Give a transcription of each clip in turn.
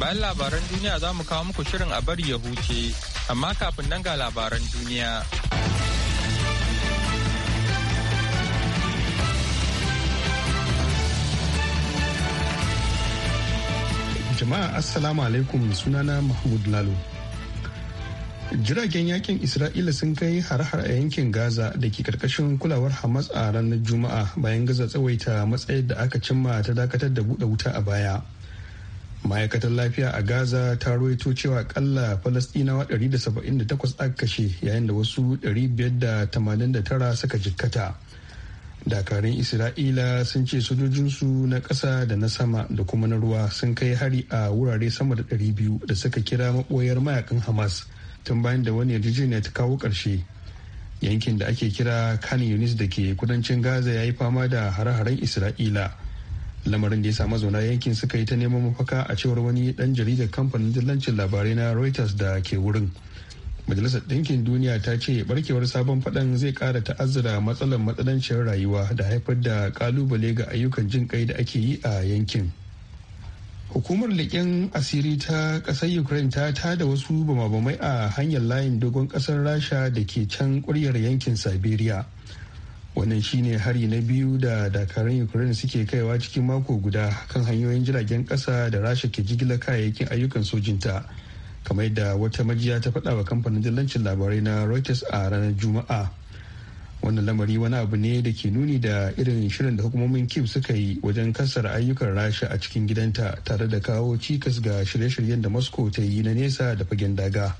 Bayan labaran duniya za mu kawo muku shirin a bari ya huce, amma kafin nan ga labaran duniya. Jama'a Assalamu alaikum sunana Mahmud Lalo. Jiragen yakin Isra'ila sun kai har-har a yankin Gaza da ke karkashin kulawar Hamas a ranar Juma'a bayan gaza tsawaita matsayar da aka cimma ta dakatar da buɗe wuta a baya. ma'aikatar lafiya a gaza ta ruwaito cewa kalla falastinawa 178 aka kashe yayin da wasu 589 suka jikkata dakarun isra'ila sun ce sojojinsu na ƙasa da na sama da kuma na ruwa sun kai hari a wurare sama da 200 da suka kira maɓoyar mayakan hamas tun bayan da wani yarjejeniya ta kawo ƙarshe yankin da ake kira kan yunis da ke kudancin gaza ya yi fama da hare-haren isra'ila lamarin da ya sa mazauna yankin suka yi ta neman mafaka a cewar wani dan jaridar kamfanin dillancin labarai na reuters da ke wurin majalisar ɗinkin duniya ta ce barkewar sabon faɗan zai kara ta'azzara matsalar matsalancin rayuwa da haifar da ƙalubale ga ayyukan jin kai da ake yi a yankin hukumar leƙen asiri ta ƙasar ukraine ta tada wasu bama-bamai a hanyar layin dogon ƙasar rasha da ke can ƙuryar yankin siberia wannan shine hari na biyu da dakarun ukraine suke kaiwa cikin mako guda kan hanyoyin jiragen kasa da rasha ke jigilar kayayyakin ayyukan sojinta kamar da wata majiya ta faɗa wa kamfanin dillancin labarai na reuters a ranar juma'a wannan lamari wani abu ne da ke nuni da irin shirin da hukumomin kim suka yi wajen kasar ayyukan rasha a cikin gidanta tare da kawo cikas ga shirye-shiryen da moscow ta yi na nesa da fagen daga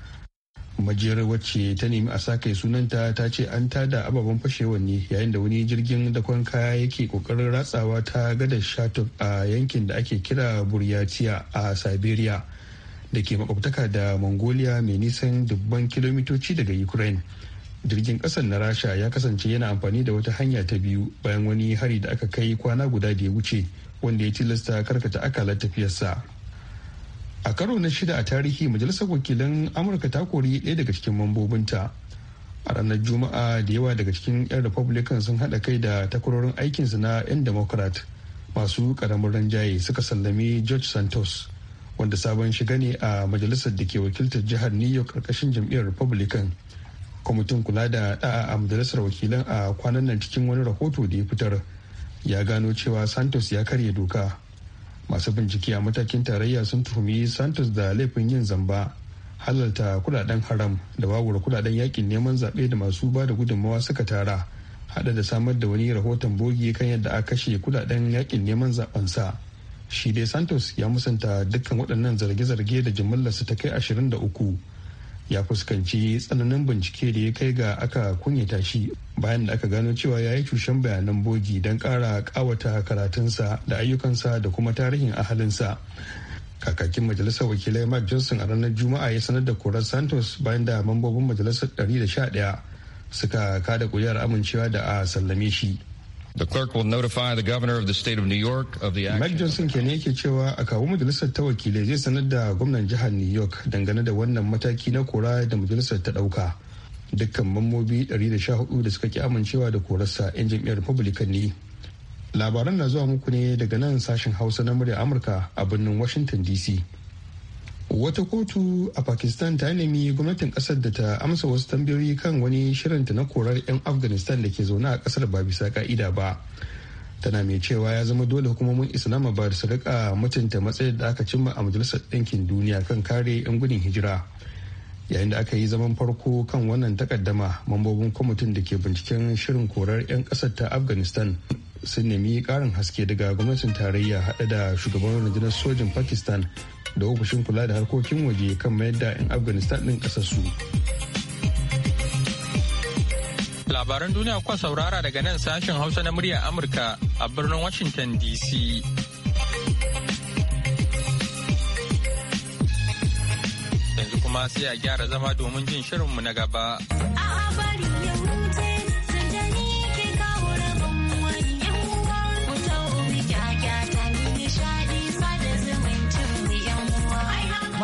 majiyar wacce ta nemi a sake sunanta ta ce an tada ababen fashewar ne yayin da wani jirgin dakon kaya yake kokarin ratsawa ta gada shatuf a yankin da ake kira buryatiya a siberia da ke makwabtaka da mongolia mai nisan dubban kilomitoci daga ukraine jirgin kasan na rasha ya kasance yana amfani da wata hanya ta biyu bayan wani hari da aka kai kwana guda da ya wuce wanda ya tilasta karkata akalar tafiyarsa a karo na shida a tarihi majalisar wakilan amurka ta kori ɗaya daga cikin mambobinta a ranar juma'a da yawa daga cikin 'yan republican sun haɗa kai da takwarorin aikinsu na 'yan democrat masu karamin ranjaye suka sallami george santos wanda sabon shiga ne a majalisar da ke wakiltar jihar new york karkashin jam'iyyar republican kwamitin kula da da'a a majalisar wakilan a kwanan nan cikin wani rahoto da ya fitar ya gano cewa santos ya karya doka masu bincike a matakin tarayya sun tuhumi santos da laifin yin zamba halarta kudaden haram da wawura kudaden yakin neman zaɓe da masu ba da gudunmawa suka tara hada da samar da wani rahoton bogi kan yadda aka kashe kudaden yakin neman sa shi dai santos ya musanta dukkan waɗannan zarge-zarge da jimillarsu ta kai ashirin ya fuskanci tsananin bincike da ya kai ga aka kunyata shi bayan da aka gano cewa ya yi cushen bayanan bogi don kara ƙawata karatunsa da ayyukansa da kuma tarihin ahalinsa kakakin majalisar wakilai mark johnson a ranar juma'a ya sanar da korar santos bayan da mambobin majalisar 111 suka kada kuri'ar amincewa da a sallame shi The clerk will notify the governor of the state of New York of the action. Mike Johnson ne yake cewa a kawo majalisar ta wakilai zai sanar da gwamnan jihar New York dangane da wannan mataki na kora da majalisar ta dauka. Dukkan mambobi 114 da suka ki amincewa da korarsa 'yan jam'iyyar Republican ne. Labaran na zuwa muku ne daga nan sashen Hausa na murya Amurka a birnin Washington DC. wata kotu a pakistan ta nemi gwamnatin kasar da ta amsa wasu tambayoyi kan wani shirinta na korar 'yan afghanistan da ke zaune a kasar ba bisa ka'ida ba tana mai cewa ya zama dole hukumomin islamabad su rika mutunta matsayin da aka cimma a majalisar ɗinkin duniya kan kare 'yan gudun hijira yayin da aka yi zaman farko kan wannan takaddama mambobin kwamitin da ke binciken shirin korar 'yan kasar ta afghanistan sun nemi karin haske daga gwamnatin tarayya hada da shugaban rundunar sojin pakistan da ofishin kula da harkokin waje kan mayar da 'yan afghanistan ɗin ƙasarsu labaran duniya kuwa saurara daga nan sashen hausa na murya amurka a birnin washington dc yanzu kuma sai a gyara zama domin jin shirinmu na gaba.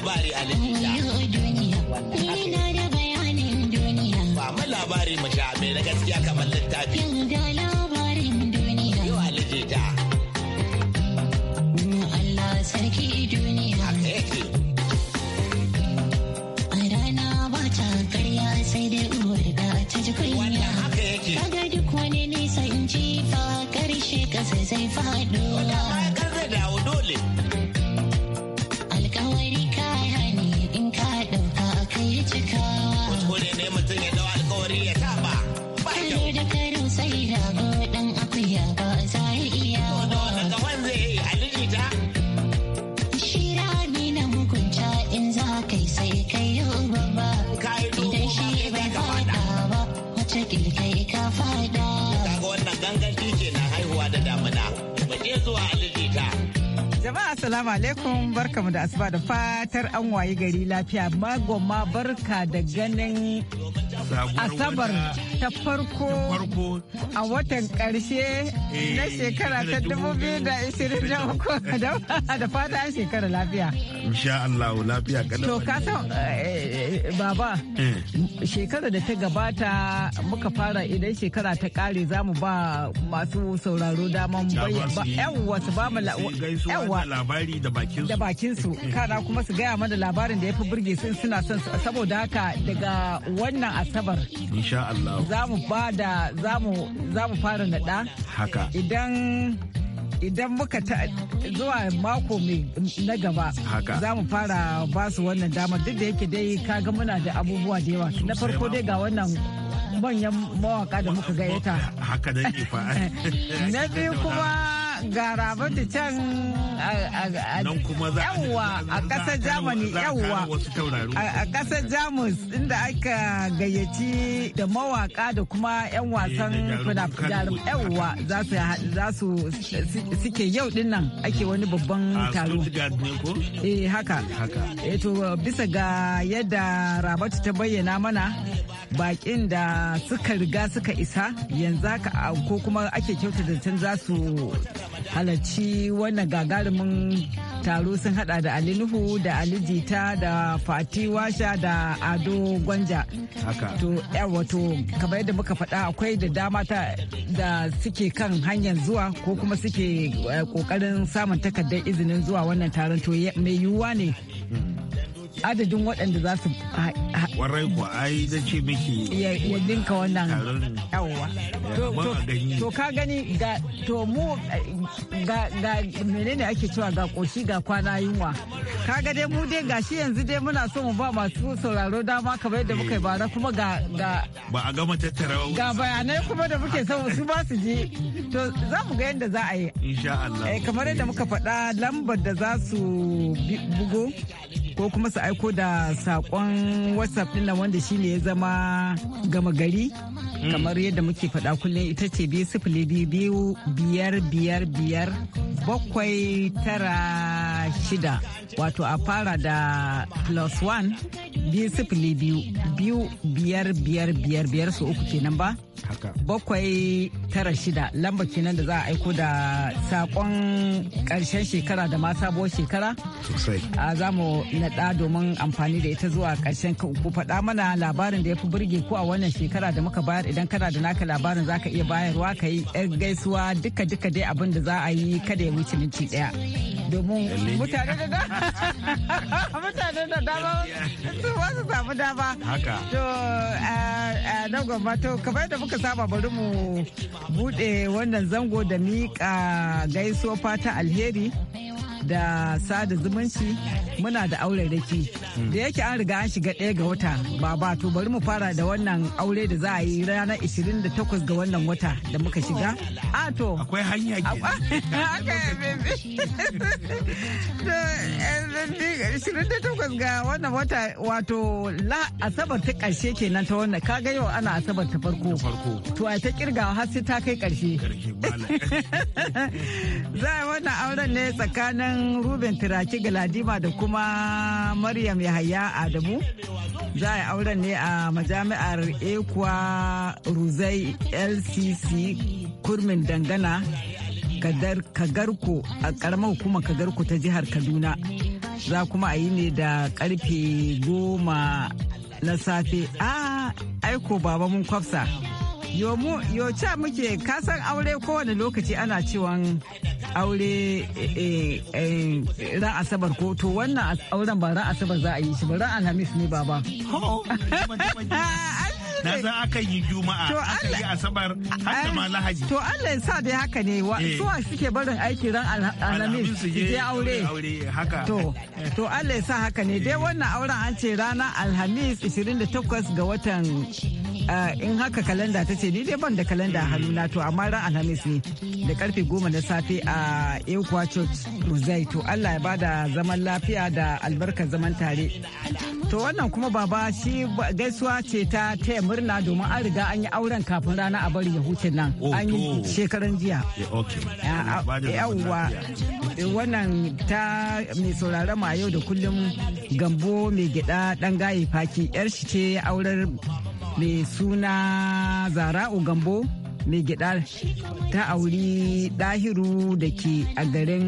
labari a Najeriya. Ina da bayanin duniya. Ba ma labari mu sha na gaskiya kamar littafi. Yau Gangan ke na haihuwa da damuna ke zuwa alijita jama'a salamu alaikum barkamu da asuba da fatar an wayi gari lafiya magoma barka da ganin Asabar ta farko a watan karshe eh, na shekara ta 2023 da fata an shekara lafiya. Insha Allah lafiya kadan. To ka san eh, eh, baba shekara da ta gabata muka fara idan shekara ta kare za mu ba masu sauraro daman yawwa su ba mu labari da bakin su kana kuma su gaya mana labarin da ya fi burge sun suna son saboda haka daga wannan asabar insha Allah za mu bada za mu fara naɗa haka idan idan muka ta zuwa mako na gaba za mu fara ba su wannan damar duk da yake dai kaga muna da abubuwa da yawa na farko dai ga wannan manyan mawaka da muka gayyata haka da na biyu kuma ga rabar da can yawwa a kasar germany yawwa a kasar jamus inda aka gayyaci da mawaka da kuma 'yan eh, wasan fina-finar yawwa za su suke yau din nan ake wani babban taro eh haka eto eh, to bisa ga yadda rabatu ta bayyana mana bakin da suka riga suka isa yanzu haka ko kuma ake da tun za su halarci wannan gagarumin taro sun hada da Ali Nuhu da alijita da Fati Washa da Ado Gwanja. Haka. To wato kamar yadda muka faɗa akwai da dama ta da suke kan hanyar zuwa ko kuma suke kokarin eh, samun takardar izinin zuwa wannan taron to mai yiwuwa ne hmm. adadin waɗanda za su warai ku ai da ce miki ya dinka wannan yawwa to ka gani ga to mu eh, ga menene ake cewa ga koshi ga kwana yunwa ka ga dai mu dai gashi yanzu dai muna so mu ba masu sauraro dama kamar yadda muka yi bara kuma ga ga ba a gama tattara ga bayanai kuma da muke so su ba su je to za mu ga yadda za a yi insha Allah eh, kamar yadda muka faɗa lambar da za su bugo ko kuma su aiko da sakon whatsapp ɗin wanda shi ne ya zama gama gari mm. kamar yadda muke faɗa kullum ita ce biyu sifili biyu biyar biyar biyar bakwai tara shida wato a fara da plus one biyu sifili biyu biyu biyar biyar biyar biyar su uku kenan ba bakwai tara shida lamba kenan da za a aiko da sakon karshen shekara da ma sabuwar shekara a zamu na naɗa domin amfani da ita zuwa ƙarshen ku faɗa mana labarin da ya fi burge ku a wannan shekara da muka bayar idan kana da naka labarin za ka iya bayarwa ka yi ɗan gaisuwa duka duka dai abin da za a yi kada ya wuce minti ɗaya. Domin mutane da dama mutane da dama su wasu samu dama. Haka. To gwamma to kamar yadda muka saba bari mu bude wannan zango da miƙa gaisuwa fata alheri. da sada zumunci muna da da ke da yake an riga an shiga ɗaya ga wata ba ba to bari mu fara da wannan aure da za a yi ranar 28 ga wannan wata da muka shiga a to akwai hanya ke 28 eh, ga wannan wata wato la asabar ta karshe kenan ta wannan kaga yau ana asabar ta farko to a ta kirga har sai ta kai karshe za a wannan auren ne tsakanin rubin ruben ga galadima da kuma maryam yahaya adamu za a auren ne a majami'ar ekwa ruzai lcc kurmin dangana kagarko a karamar hukumar kagarko ta jihar kaduna za kuma a yi ne da karfe goma na safe a ah, aiko baba mun kwafsa yo ce muke kasan aure kowane lokaci ana cewan aure ran asabar ko to wannan auren ba ran asabar za a yi shi ba ran alhamis ne baba na za aka yi juma'a aka yi asabar har ma lahaji to Allah ya sa dai haka ne wa suwa suke barin aiki ran alhamis su je aure to Allah ya sa haka ne dai wannan auren an ce ranar alhamis 28 ga watan Ah, in haka kalanda ta ce ni dai ban da kalanda na to amma ran alhamis ne da karfe goma na safe a ekuwa church ruzai to allah ya bada zaman lafiya da albarka zaman tare to wannan kuma baba shi gaisuwa ce ta taya murna domin an riga an yi auren kafin rana a bari ya huce nan oh, an yi shekaran jiya yawwa wannan ta mai saurara ma yau da kullum gambo mai gida dan gaye faki yar shi ce auren mai suna zara'u gambo mai gida ta auri ɗahiru da ke a garin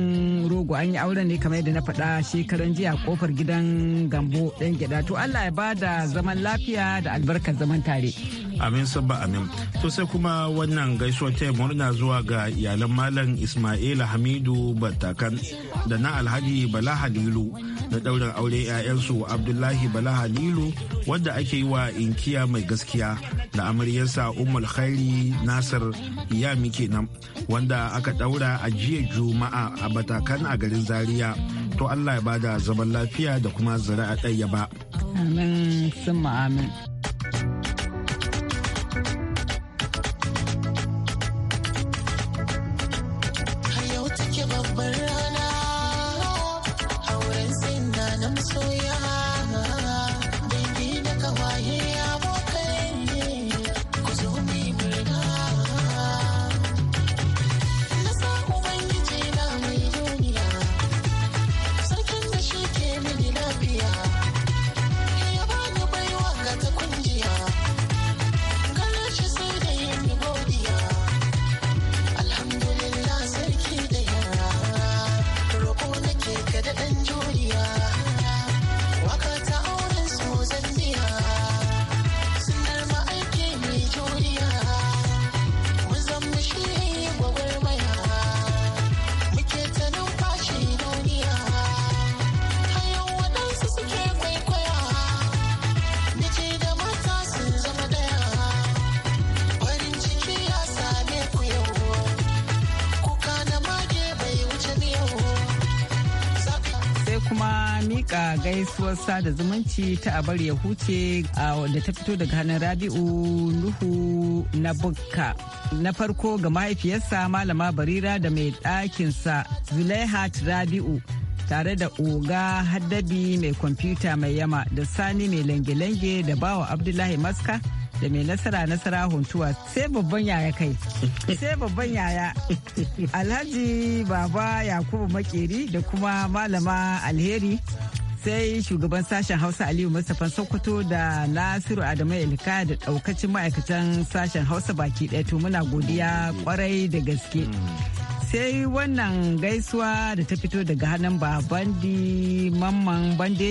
rogo an yi auren ne kamar yadda na faɗa shekaran jiya kofar gidan gambo ɗan gida to allah ya ba da zaman lafiya da albarkar zaman tare amin sabba amin to sai kuma wannan gaisuwar ta murna zuwa ga iyalan malam ismaila hamidu batakan da na alhaji bala halilu da ɗaurin aure 'ya'yansu abdullahi bala halilu wadda ake yi wa inkiya mai gaskiya da amaryarsa umar khairi nasir iyami kenan wanda aka daura a jiya juma'a a batakan a garin zaria to allah ya bada zaman lafiya da kuma zara'a ɗaya ba amin sun amin gaisuwar sada zumunci ta abar ya huce da ta fito daga hannun rabi'u nuhu na bukka na farko ga mahaifiyarsa malama barira da mai ɗakinsa zulaihat rabi'u tare da oga haddabi mai kwamfuta mai yama da sani mai lange-lange da bawa abdullahi maska da mai nasara nasara huntuwa sai babban yaya kai sai babban yaya alhaji baba yakubu makeri da kuma malama alheri sai shugaban sashen hausa aliyu mustapha sokoto da nasiru adamu ilka da daukacin ma'aikatan sashen hausa baki ɗaya to muna godiya kwarai da gaske mm. sai wannan gaisuwa da ta fito daga hannun babandi mamman bande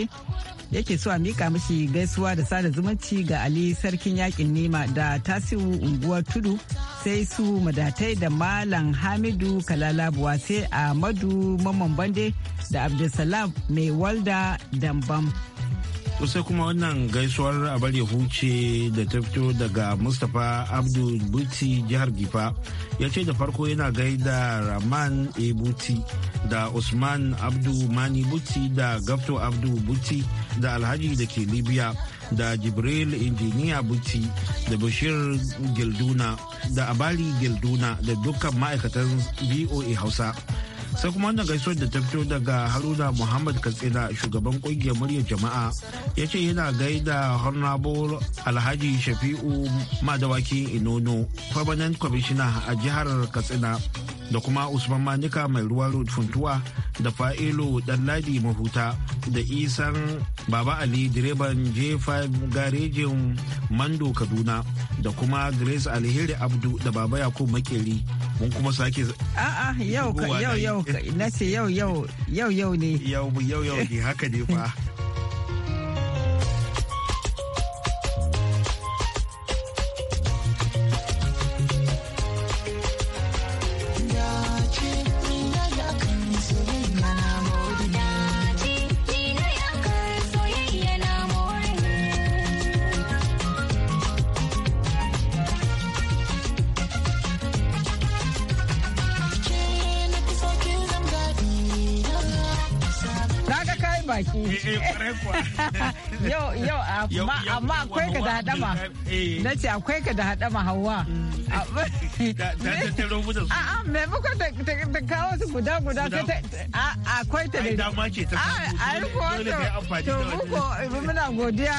yake so a mika mishi gaisuwa da sada zumunci ga ali sarkin yakin nema da tasiu unguwar tudu sai su madatai da malam hamidu kalalabuwa sai ahmadu mamman bande da abdulsalam mai walda dambam sai kuma wannan gaisuwar abar ya huce da ta fito daga mustapha abdu buti jihar gifa ya ce da farko yana gaida rahman a buti da usman abdu mani buti da gafto abdu buti da alhaji da ke libya da jibril injiniya buti da bashir gilduna da abali gilduna da dukkan ma'aikatan voa hausa sai kuma wanda gaisuwar da ta fito daga haruna muhammad katsina shugaban kungiyar muryar jama'a ya ce yana gaida honorable alhaji shafi'u madawaki inono permanent commissioner a jihar katsina da kuma usman manika mai ruwa funtuwa da fa'ilu danladi mahuta da isan baba ali direban j5 garejin mando kaduna da kuma grace alheri abdu da baba yakub makeri mun kuma sake a'a yau yau yau yau yau yau yau yau ne yau yau ne haka ne fa baki yau ah, yau amma akwai ka da hadama eh. na ce akwai ka da hadama hawa a'a maimakon ta kawo su guda guda ah, ah, akwai ta da a yi to eh, muna godiya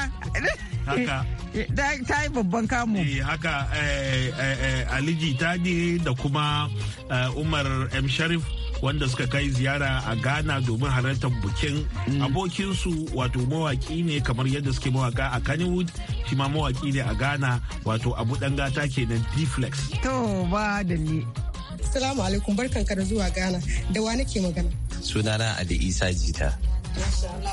ta yi babban kamu. Eh, haka aliji tadi da kuma umar m sharif wanda suka kai ziyara a ghana domin halartar bukin mm. abokinsu wato mawaki ne kamar yadda suke mawaka a kannywood shi ma mawaki ne a ghana wato abu dan gata kenan deflex to ba da ni assalamu alaikum barkan ka da zuwa ghana da wa nake magana sunana ali isa jita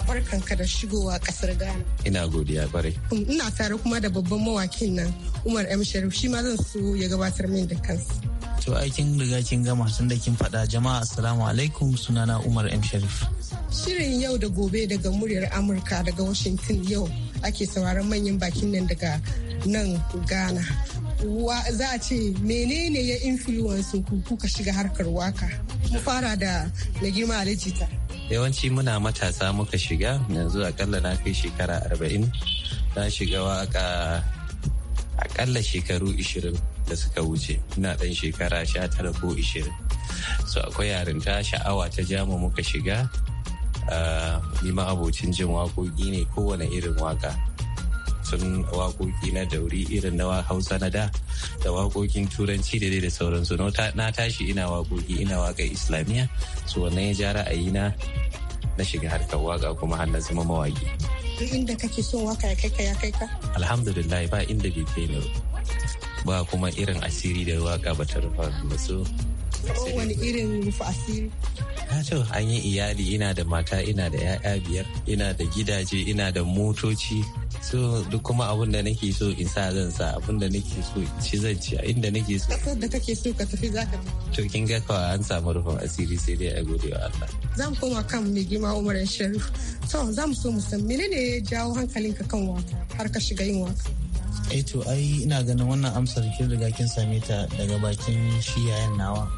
barkan ka da shigowa kasar Ghana. Ina godiya bare. Ina tare kuma da babban mawakin nan Umar M Sharif shi ma zan so ya gabatar min da kansa. To aikin riga kin gama tun da kin faɗa jama'a assalamu alaikum sunana Umar M Sharif. Shirin yau da gobe daga muryar Amurka daga Washington yau ake sauraron manyan bakin nan daga nan Ghana. za a ce menene ya influence ku kuka shiga harkar waka mu fara da na girma alijita yawanci muna matasa muka shiga yanzu akalla na kai shekara arba'in na shiga waka akalla shekaru ishirin da suka wuce ina ɗan shekara sha tara ko ishirin so akwai yarinta sha'awa ta jamu muka shiga ah, ni ma abocin jin waƙoƙi ne kowane irin waƙa sun waƙoƙi na dauri irin na hausa na da da waƙoƙin turanci da dai da sauransu na tashi ina waƙoƙi ina waƙa islamiyya so wannan ya ja yi na na shiga harkar waƙa kuma har na zama mawaƙi. duk inda kake son waka ya kai ka ya kai ka? Alhamdulillah ba inda bai kai ni ba kuma irin asiri da waka ba ta rufa musu wani irin rufa asiri na ce an yi iyali ina da mata ina da 'ya'ya biyar ina da gidaje ina da motoci so duk kuma abin da nake so in sa zan sa abin da nake so ci zan ci inda nake so kasar da kake so ka tafi za ka to kin ga kawa an samu rufin asiri sai dai a gode wa Allah zan koma kan mai gima Umar Sharif to zamu so mu san menene ya jawo hankalinka kan waka har ka shiga yin waka eh to ai ina ganin wannan amsar kin riga kin same ta daga bakin shi yayan nawa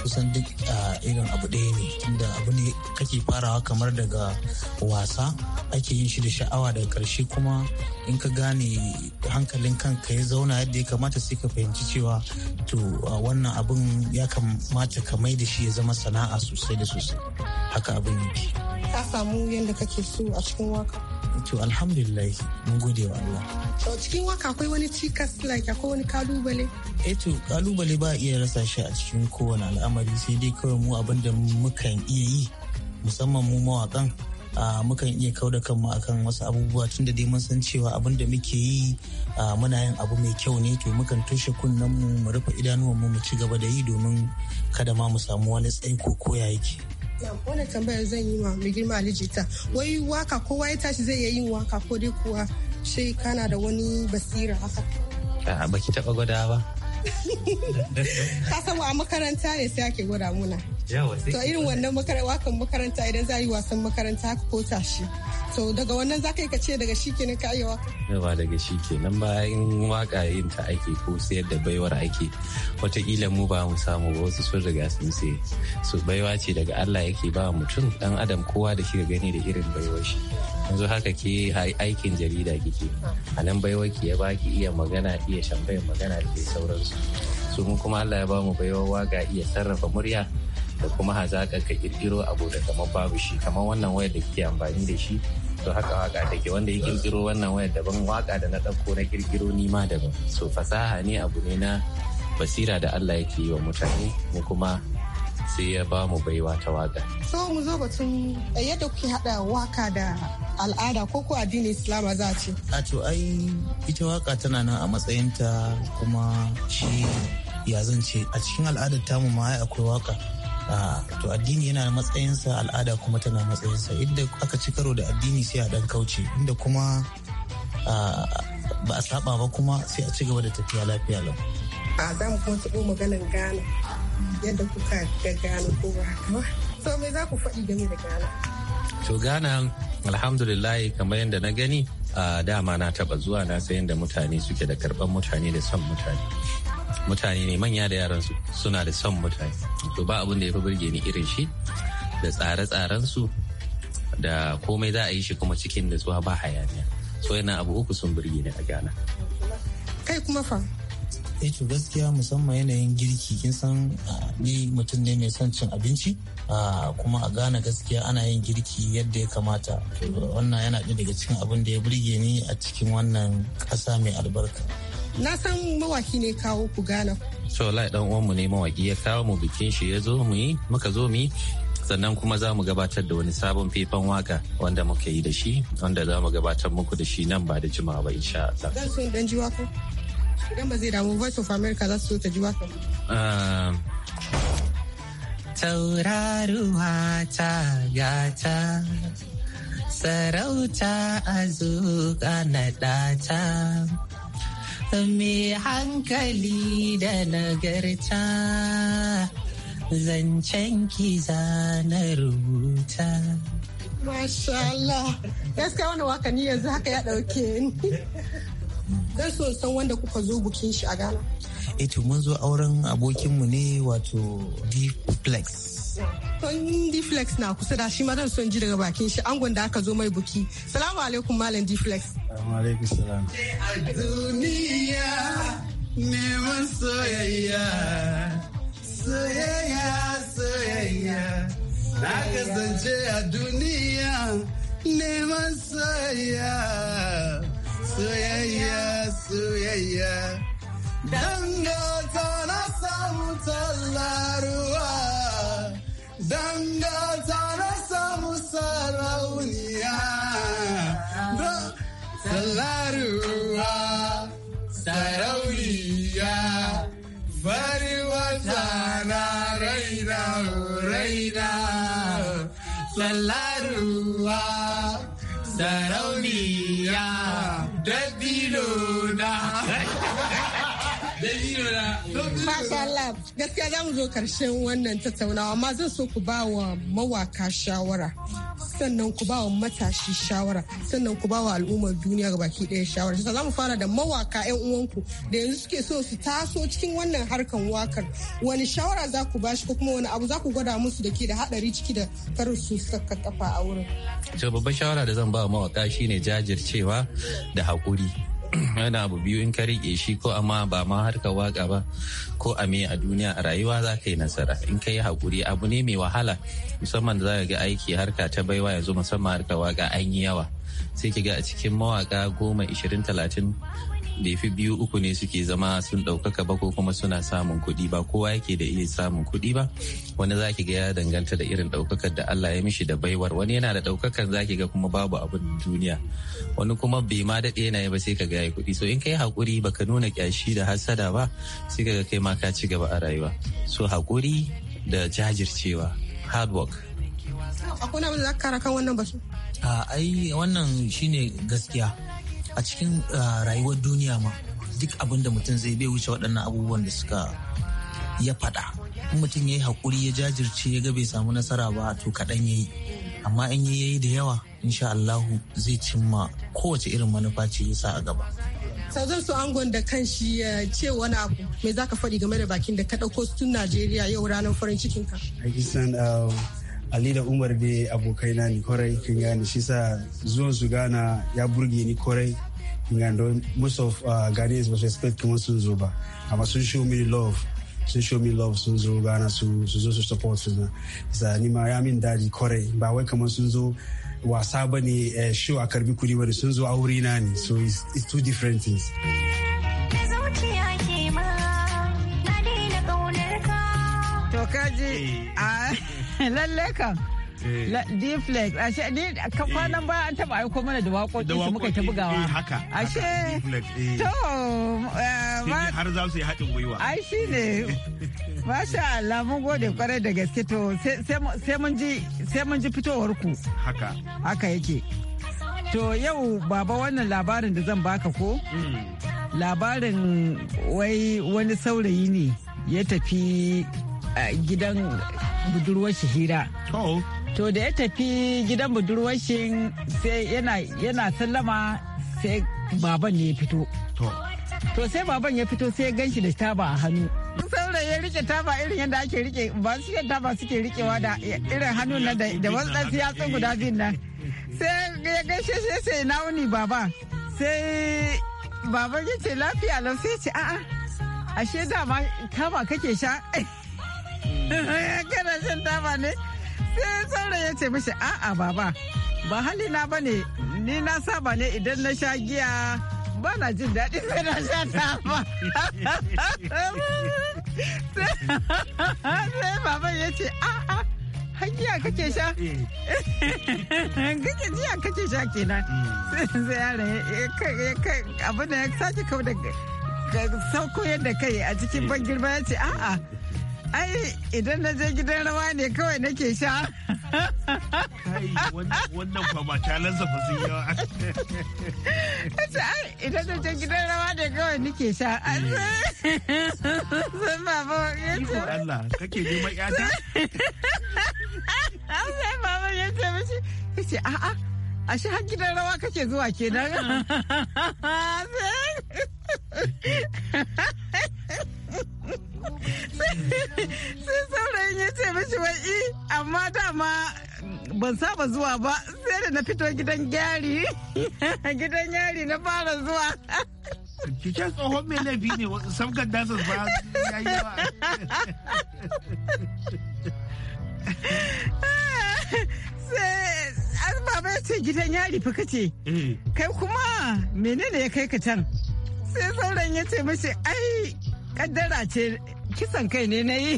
kusan duk irin abu ɗaya ne tunda abu ne kake farawa kamar daga wasa ake yin shi da sha'awa daga karshe kuma in ka gane hankalin kanka ya zauna yadda ya kamata sai ka fahimci cewa to wannan abun ya kamata ka mai da shi ya zama sana'a sosai da sosai haka abin yake ka samu yadda kake so a cikin waka to alhamdulillah mun gode wa Allah to cikin waka akwai wani cikas like akwai wani kalubale eh to kalubale ba iya rasa shi a cikin kowane al'amari sai dai kawai mu abin da mukan iya yi musamman mu mawakan mukan iya kau da kanmu akan wasu abubuwa tun da dai mun san cewa abin da muke yi muna yin abu mai kyau ne to mukan toshe kunnen mu mu rufe idanuwan mu mu ci gaba da yi domin kada ma mu samu wani tsaiko ko ya yake wannan tambayar zan yi ma mai girma alijita wai waka ko ya tashi zai iya yin waka ko dai kuwa shi kana da wani basira haka a baki taba gwada ba ka san wa makaranta ne sai ake gwada muna to irin wannan wakan makaranta idan za a yi wasan makaranta haka ko tashi to daga wannan za ka yi kace daga shi kenan ka yi waka ba daga shi kenan ba in waka yin ta ake ko sayar da baiwar ake watakila mu ba mu samu ba wasu sun riga sun sai su baiwa ce daga Allah yake ba mutum dan adam kowa da kika gani da irin baiwar shi yanzu haka ke aikin jarida kike a nan baiwar ki ya baki iya magana iya shambayin magana da sauransu su mu kuma Allah ya ba mu baiwar waka iya sarrafa murya da kuma hazaƙa ka ƙirƙiro abu da kama babu shi kamar wannan wayar da kike amfani da shi to haka waka take wanda ya ƙirƙiro wannan wayar daban waka da na ɗauko na ƙirƙiro ni ma daban so fasaha ne abu ne na basira da Allah yake yi wa mutane mu kuma sai ya ba mu baiwa ta waka. So mu zo batun eh, yadda kuke haɗa waka da al'ada ko ko addinin Islama za a ce. A to ai ita waka tana nan a matsayinta kuma shi ya zance a cikin al'adar tamu ma akwai waka. Ah, to addini yana matsayinsa al'ada kuma tana matsayinsa inda aka ci karo da addini sai a dan kauce inda kuma ah, ba a saba ba kuma sai a ci gaba da tafiya lafiya lau. a za mu kuma taɓo maganar gana yadda kuka ga gana ko ba haka So to me za ku faɗi game da gana. to gana alhamdulillah kamar yadda na gani a ah, dama na taɓa zuwa na sayan da mutane suke da karɓar mutane da son mutane mutane ne manya da yaran su suna da son mutane to ba abin da ya fi burge ni irin shi da tsare-tsaren su da komai za a yi shi kuma cikin da nutsuwa ba hayaniya so yana abu uku sun burge ni a gana kai kuma fa eh to gaskiya musamman yanayin girki kin san ah, ni mutum ne mai son cin abinci ah, kuma a gana gaskiya ana yin girki yadda ya kamata wannan yana ɗaya daga cikin abin da ya burge ni a cikin wannan ƙasa mai albarka na san mawaki ne kawo ku gana so lai dan uwanmu ne mawaki ya kawo mu bikin shi ya zo mu yi muka zo mu yi sannan kuma za mu gabatar da wani sabon faifan waka wanda muka yi da shi wanda za mu gabatar muku da shi nan ba da jimawa ba insha Allah. zan so dan ji waka. Idan ba zai damu Voice of America za su so ta ji waka. Ah, tauraruwa ta gata sarauta a zuƙa na ɗata. Me hankali da nagarta zancen ki na rubuta Masha Allah gaskiya wani waka ni yanzu haka ya dauke ni so san wanda kuka zo bukin shi a gana. Eto, eh to mun zo auren abokinmu ne wato d D-Plex. d flex na kusa da shi ma zan son ji daga bakin shi angon da aka zo mai buki salamu alaikum malam d flex alaikum salam duniya neman soyayya soyayya soyayya na kasance a duniya neman soyayya soyayya soyayya dango ta na samu tallaruwa danga tare samu sarauniya salaruwa sarauniya bari wata na raina raina salaruwa sarauniya da Masha Allah gaskiya za mu zo karshen wannan tattaunawa amma zan so ku ba wa mawaka shawara sannan ku ba wa matashi shawara sannan ku ba wa al'ummar duniya ga baki ɗaya shawara sai za mu fara da mawaka 'yan uwanku da yanzu suke so su taso cikin wannan harkan wakar wani shawara za ku shi ko kuma wani abu za ku gwada musu da ke da haɗari ciki da kar su saka kafa a wurin. To babban shawara da zan ba mawaka shine jajircewa da haƙuri. yana abu biyu in ka rike shi ko amma ba ma harka waka ba ko a me a duniya a rayuwa za ka yi nasara in ka yi hakuri abu ne mai wahala musamman da za ka ga aiki harka ta baiwa ya yanzu musamman harka waka an yi yawa sai ki ga a cikin mawaka goma ishirin talatin bai biyu uku ne suke zama sun ɗaukaka ba ko kuma suna samun kuɗi ba kowa yake da iya samun kuɗi ba wani zaki ga ya danganta da irin ɗaukakar da Allah ya mishi da baiwar wani yana da ɗaukakar zaki ga kuma babu abin duniya wani kuma bai ma daɗe yana yi ba sai ka ga ya kuɗi so in kai haƙuri baka nuna ƙyashi da hasada ba sai ka ga kai ma ka ci gaba a rayuwa so haƙuri da jajircewa hard work akwai abin da kan wannan su. a ai wannan shine gaskiya a cikin rayuwar duniya ma duk abin da mutum zai bai wuce waɗannan abubuwan da suka ya faɗa in mutum ya yi haƙuri ya jajirce ya ga bai samu nasara ba to kaɗan ya yi amma in ya yi da yawa insha Allahu zai cimma kowace irin manufa ce ya sa a gaba. zan so angon da kan shi ya ce wani abu mai zaka faɗi game da bakin da ka ɗauko tun Najeriya yau ranar farin cikin ka. Pakistan Ali da Umar dai abokaina ni kwarai kan gani shi sa zuwan su Ghana ya burge ni kwarai England most of uh, Ghanaians ba su expect kamar sun zo ba amma sun show me love sun show me love sun zo Ghana su zo su support su na isa ni ma ya min daji kore ba wai kamar sun zo wasa ba ne eh, show a karbi kudi ba sun zo aure na ne so it's, it's two different things. To kaji eh. a lalle kam. Eh. D-Flex ashe ni eh. kwanan baya an taba aiko mana da waƙoƙi su muka ta eh, bugawa. Haka. Ashe. To. Har za su yi haɗin gwiwa. Ai shi ne. Masha Allah mun gode kwarai da gaske to sai mun ji fitowar ku. Haka. Haka yake. To yau baba wannan labarin da zan baka ko? Hmm. Labarin wai wani saurayi ne ya tafi gidan budurwar shahira. to da ya tafi gidan budurwashin sai yana sallama sai baban ne ya fito to sai baban ya fito sai gan shi da taba a hannu saura ya rike taba irin yadda ake rike ba su yadda taba suke rikewa da irin hannu na da wasu ɗansu yatsun guda biyun nan sai ya gaishe shi sai na wuni baba sai baban ya ce lafiya lau sai ce a'a ashe dama taba kake sha kana shan taba ne sai saurayi ya ce mashi a'a baba ba halina ba ne ni na saba ne idan na sha giya ba na jin daɗi sai na sha ta ba sai baban ya ce a'a hagiya kake sha kake jiya kake sha kenan sai yaron abin da ya sake kau da sauko yadda kai a cikin ban girma ya ce a'a ai idan na je gidan rawa ne kawai nake sha wannan kwa ba talar zafa sun yawa ai idan na je gidan rawa ne kawai nake sha sun ba yace Allah kake neman yata sai baba yace a'a ashe har gidan rawa kake zuwa kenan sai saurayin ya ce mishi wai eh, amma dama ban saba zuwa ba sai da na fito gidan gyari gidan yari na fara zuwa Cikin tsohon mai laifi ne sabgar dasa ba ya yi ba. Sai baba ya ce gidan yari fa kace. Eh. Kai kuma menene ya kai ka can? Sai sauran ya ce mashi ai kaddara ce kisan kai ne na yi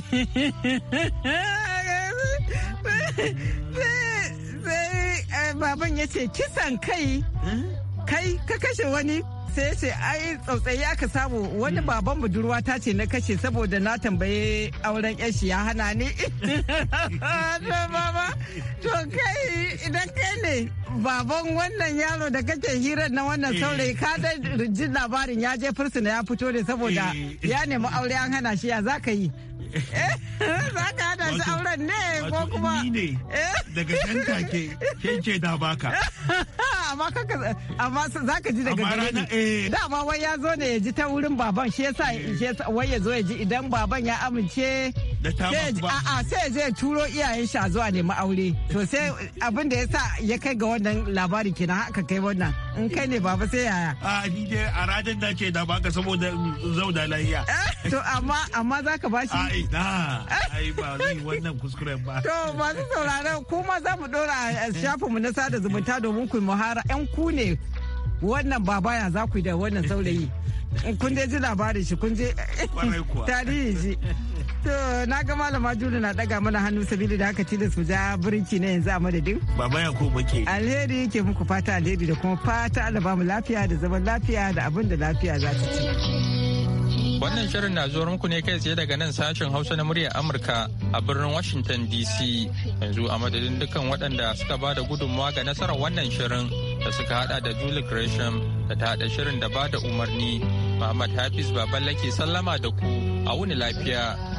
baban ya ce kisan kai kai ka kashe wani sai ya ce ai tsautsayi aka samu wani baban budurwa ta ce na kashe saboda na tambaye auren yashi ya hana ni to baba idan kai ne baban wannan yaro da kake hira na wannan eh. saurayi ka da jin labarin ya je fursuna ya fito ne saboda eh. ya nemi aure an hana shi ya za ka yi Eh, za ka hada su auren ne ko kuma? ne eh. daga can take ke ke da baka. Amma kaka amma za ka ji daga gare ni. Eh. Dama wai ya zo ne ya ji ta wurin baban shi yasa wai ya zo ya ji idan baban ya amince. Da ta ba. A'a sai zai turo iyayen shi a zuwa ne aure. To sai abin da yasa ya kai ga wannan labari kenan haka kai wannan. In kai ne baba sai yaya. A ni dai a ranar da ke da baka saboda zau da lahiya. To amma amma za ka ba shi. yi. Na, ai ba wannan kuskuren ba. To masu sauraron kuma za mu dora a shafinmu na sada zumunta domin ku muhara 'yan ku ne wannan babaya za ku yi da wannan saurayi. Kun je ji labarin shi kun je tarihi shi. To na ga malama Juli na daga mana hannu sabili da haka tilas mu ja birki na yanzu a madadin. Baba ya ko muke. Alheri yake muku fata alheri da kuma fata Allah lafiya da zaman lafiya da abin da lafiya za ta ci. Wannan shirin na zuwa muku ne kai tsaye daga nan sashen Hausa na muryar Amurka a birnin Washington DC. Yanzu a madadin dukkan waɗanda suka ba da gudunmawa ga nasarar wannan shirin da suka hada da Julie Gresham da ta haɗa shirin da ba da umarni. Muhammad Hafiz Baballake sallama da ku a wuni lafiya.